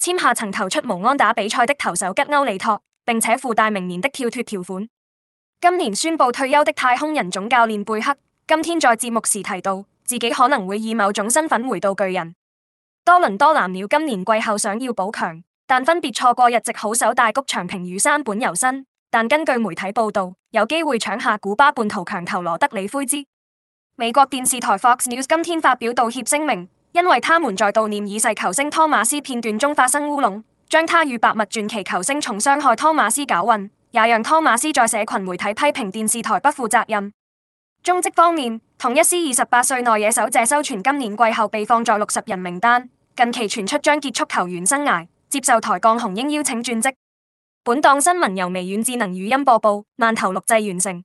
簽下曾投出無安打比賽的投手吉歐里托，並且附帶明年的跳脫條款。今年宣布退休的太空人總教練貝克，今天在節目時提到自己可能會以某種身份回到巨人。多倫多藍鳥今年季後想要補強，但分別錯過日籍好手大谷翔平與山本由伸，但根據媒體報道，有機會搶下古巴半途強投羅德里奎茲。美國電視台 Fox News 今天發表道歉聲明。因為他們在悼念已逝球星托馬斯片段中發生烏龍，將他與白襪傳奇球星重傷害托馬斯搞混，也讓托馬斯在社群媒體批評電視台不負責任。中職方面，統一獅二十八歲內野手謝修全今年季後被放在六十人名單，近期傳出將結束球員生涯，接受台鋼雄鷹邀請轉職。本檔新聞由微軟智能語音播報，慢頭錄製完成。